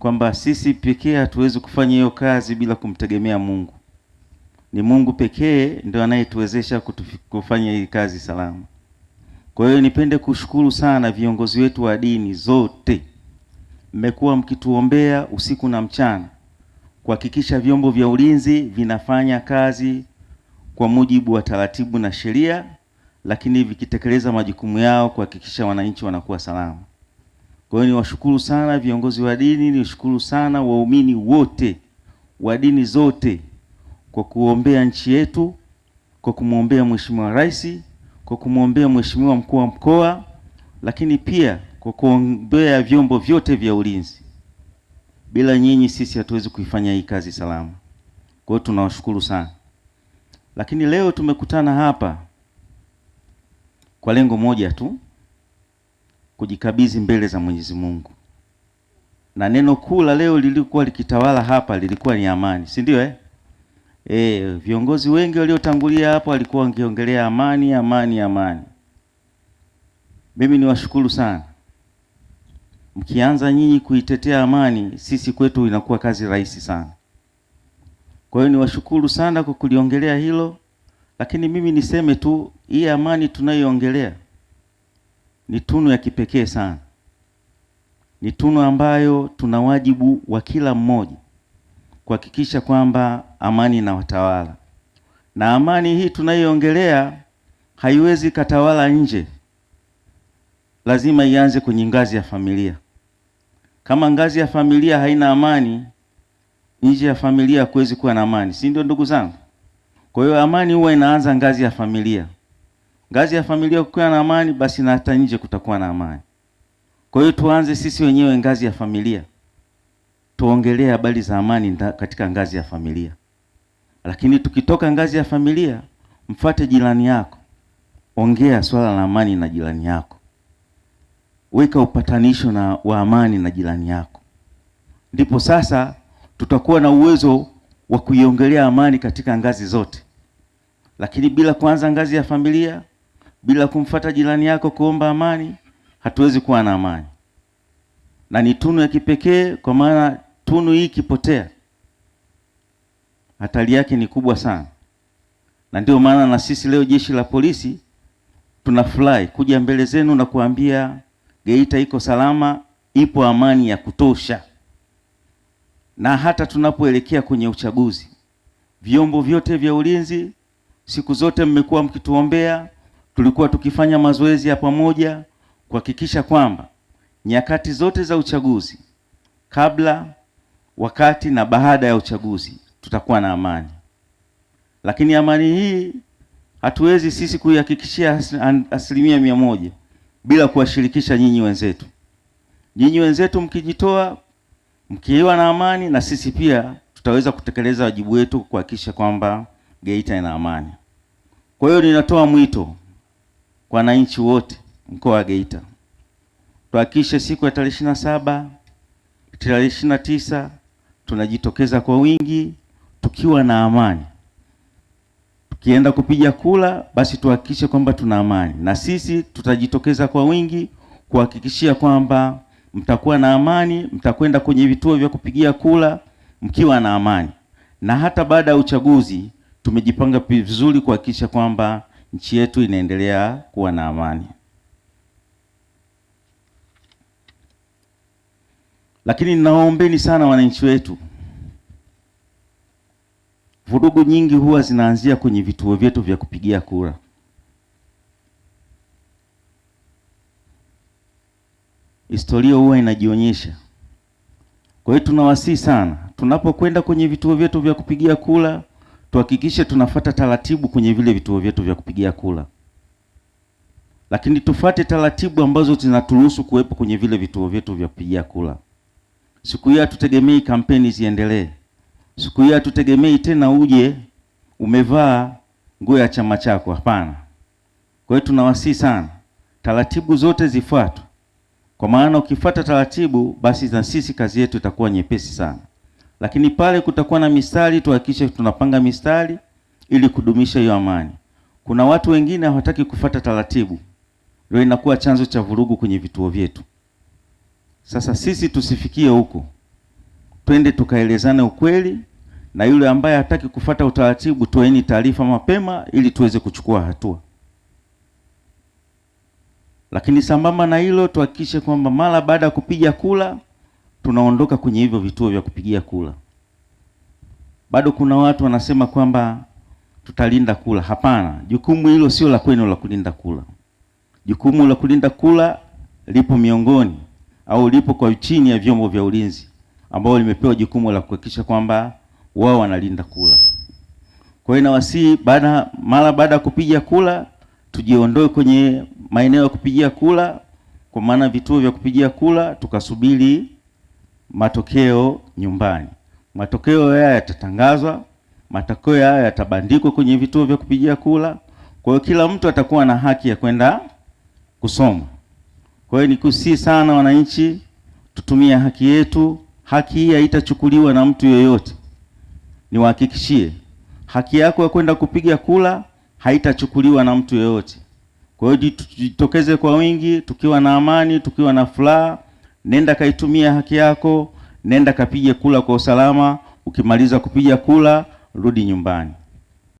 kwamba sisi pekee hatuwezi kufanya hiyo kazi bila kumtegemea Mungu. Ni Mungu pekee ndio anayetuwezesha kufanya hii kazi salama. Kwa hiyo nipende kushukuru sana viongozi wetu wa dini zote, mmekuwa mkituombea usiku na mchana kuhakikisha vyombo vya ulinzi vinafanya kazi kwa mujibu wa taratibu na sheria, lakini vikitekeleza majukumu yao kuhakikisha wananchi wanakuwa salama. Kwa hiyo niwashukuru sana viongozi wa dini, niwashukuru sana waumini wote wa dini zote kwa kuombea nchi yetu, kwa kumwombea Mheshimiwa Rais, kwa kumwombea Mheshimiwa mkuu wa mkoa, lakini pia kwa kuombea vyombo vyote vya ulinzi. Bila nyinyi sisi hatuwezi kuifanya hii kazi salama. Kwa hiyo tunawashukuru sana, lakini leo tumekutana hapa kwa lengo moja tu kujikabidhi mbele za Mwenyezi Mungu, na neno kuu la leo lilikuwa likitawala hapa lilikuwa ni amani, si ndio eh? Eh, viongozi wengi waliotangulia hapo walikuwa wakiongelea amani, amani, amani. Mimi niwashukuru sana, mkianza nyinyi kuitetea amani, sisi kwetu inakuwa kazi rahisi sana. Kwa hiyo niwashukuru sana kwa kuliongelea hilo, lakini mimi niseme tu hii amani tunayoiongelea ni tunu ya kipekee sana, ni tunu ambayo tuna wajibu wa kila mmoja kuhakikisha kwamba amani inawatawala, na amani hii tunayoongelea haiwezi katawala nje, lazima ianze kwenye ngazi ya familia. Kama ngazi ya familia haina amani, nje ya familia hakuwezi kuwa na amani, si ndio ndugu zangu? Kwa hiyo amani huwa inaanza ngazi ya familia ngazi ya familia kukiwa na amani, basi na hata nje kutakuwa na amani. Kwa hiyo tuanze sisi wenyewe ngazi ya familia, tuongelee habari za amani katika ngazi ya familia. Lakini tukitoka ngazi ya familia, mfate jirani yako, ongea swala la amani na jirani yako, weka upatanisho na wa amani na jirani yako, ndipo sasa tutakuwa na uwezo wa kuiongelea amani katika ngazi zote. Lakini bila kuanza ngazi ya familia bila kumfata jirani yako kuomba amani, hatuwezi kuwa na amani, na ni tunu ya kipekee, kwa maana tunu hii ikipotea, hatari yake ni kubwa sana, na ndio maana na sisi leo jeshi la polisi tunafurahi kuja mbele zenu na kuambia Geita iko salama, ipo amani ya kutosha, na hata tunapoelekea kwenye uchaguzi, vyombo vyote vya ulinzi siku zote mmekuwa mkituombea tulikuwa tukifanya mazoezi ya pamoja kuhakikisha kwamba nyakati zote za uchaguzi, kabla, wakati na baada ya uchaguzi, tutakuwa na amani. Lakini amani hii hatuwezi sisi kuihakikishia asilimia mia moja bila kuwashirikisha nyinyi wenzetu. Nyinyi wenzetu mkijitoa, mkiwa na amani, na sisi pia tutaweza kutekeleza wajibu wetu kuhakikisha kwamba Geita ina amani. Kwa hiyo ninatoa mwito kwa wananchi wote mkoa wa Geita, tuhakikishe siku ya tarehe ishirini na saba tarehe ishirini na tisa tunajitokeza kwa wingi tukiwa na amani. Tukienda kupiga kula, basi tuhakikishe kwamba tuna amani, na sisi tutajitokeza kwa wingi kuhakikishia kwamba mtakuwa na amani, mtakwenda kwenye vituo vya kupigia kula mkiwa na amani, na hata baada ya uchaguzi tumejipanga vizuri kuhakikisha kwamba nchi yetu inaendelea kuwa na amani. Lakini ninawaombeni sana wananchi wetu, vurugu nyingi huwa zinaanzia kwenye vituo vyetu vya kupigia kura. Historia huwa inajionyesha. Kwa hiyo tunawasihi sana, tunapokwenda kwenye vituo vyetu vya kupigia kura tuhakikishe tunafata taratibu kwenye vile vituo vyetu vya kupigia kura, lakini tufate taratibu ambazo zinaturuhusu kuwepo kwenye vile vituo vyetu vya kupigia kura. Siku hiyo hatutegemei kampeni ziendelee, siku hiyo hatutegemei tena uje umevaa nguo ya chama chako, hapana. Kwa hiyo tunawasihi sana taratibu zote zifuatwe, kwa maana ukifata taratibu, basi na sisi kazi yetu itakuwa nyepesi sana. Lakini pale kutakuwa na mistari, tuhakikishe tunapanga mistari ili kudumisha hiyo amani. Kuna watu wengine hawataki kufata taratibu, ndio inakuwa chanzo cha vurugu kwenye vituo vyetu. Sasa sisi tusifikie huko, twende tukaelezane ukweli, na yule ambaye hataki kufata utaratibu, toeni taarifa mapema ili tuweze kuchukua hatua. Lakini sambamba na hilo, tuhakikishe kwamba mara baada ya kupiga kula tunaondoka kwenye hivyo vituo vya kupigia kura. Bado kuna watu wanasema kwamba tutalinda kura. Hapana, jukumu hilo sio la kwenu la kulinda kura. Jukumu la kulinda kura lipo miongoni au lipo kwa chini ya vyombo vya ulinzi ambao limepewa jukumu la kuhakikisha kwamba wao wanalinda kura. Kwa hiyo nawasihi, baada mara baada ya kupiga kura tujiondoe kwenye maeneo ya kupigia kura, kwa maana vituo vya kupigia kura tukasubiri matokeo nyumbani. Matokeo haya yatatangazwa, matokeo haya yatabandikwa kwenye vituo vya kupigia kula. Kwa hiyo kila mtu atakuwa na haki ya kwenda kusoma. Kwa hiyo nikusii sana wananchi, tutumie haki yetu. Haki hii haitachukuliwa na mtu yeyote, niwahakikishie. Haki yako ya kwenda kupiga kula haitachukuliwa na mtu yeyote. Kwa hiyo jitokeze kwa wingi, tukiwa na amani, tukiwa na furaha nenda kaitumia haki yako, nenda kapige kula kwa usalama. Ukimaliza kupiga kula, rudi nyumbani.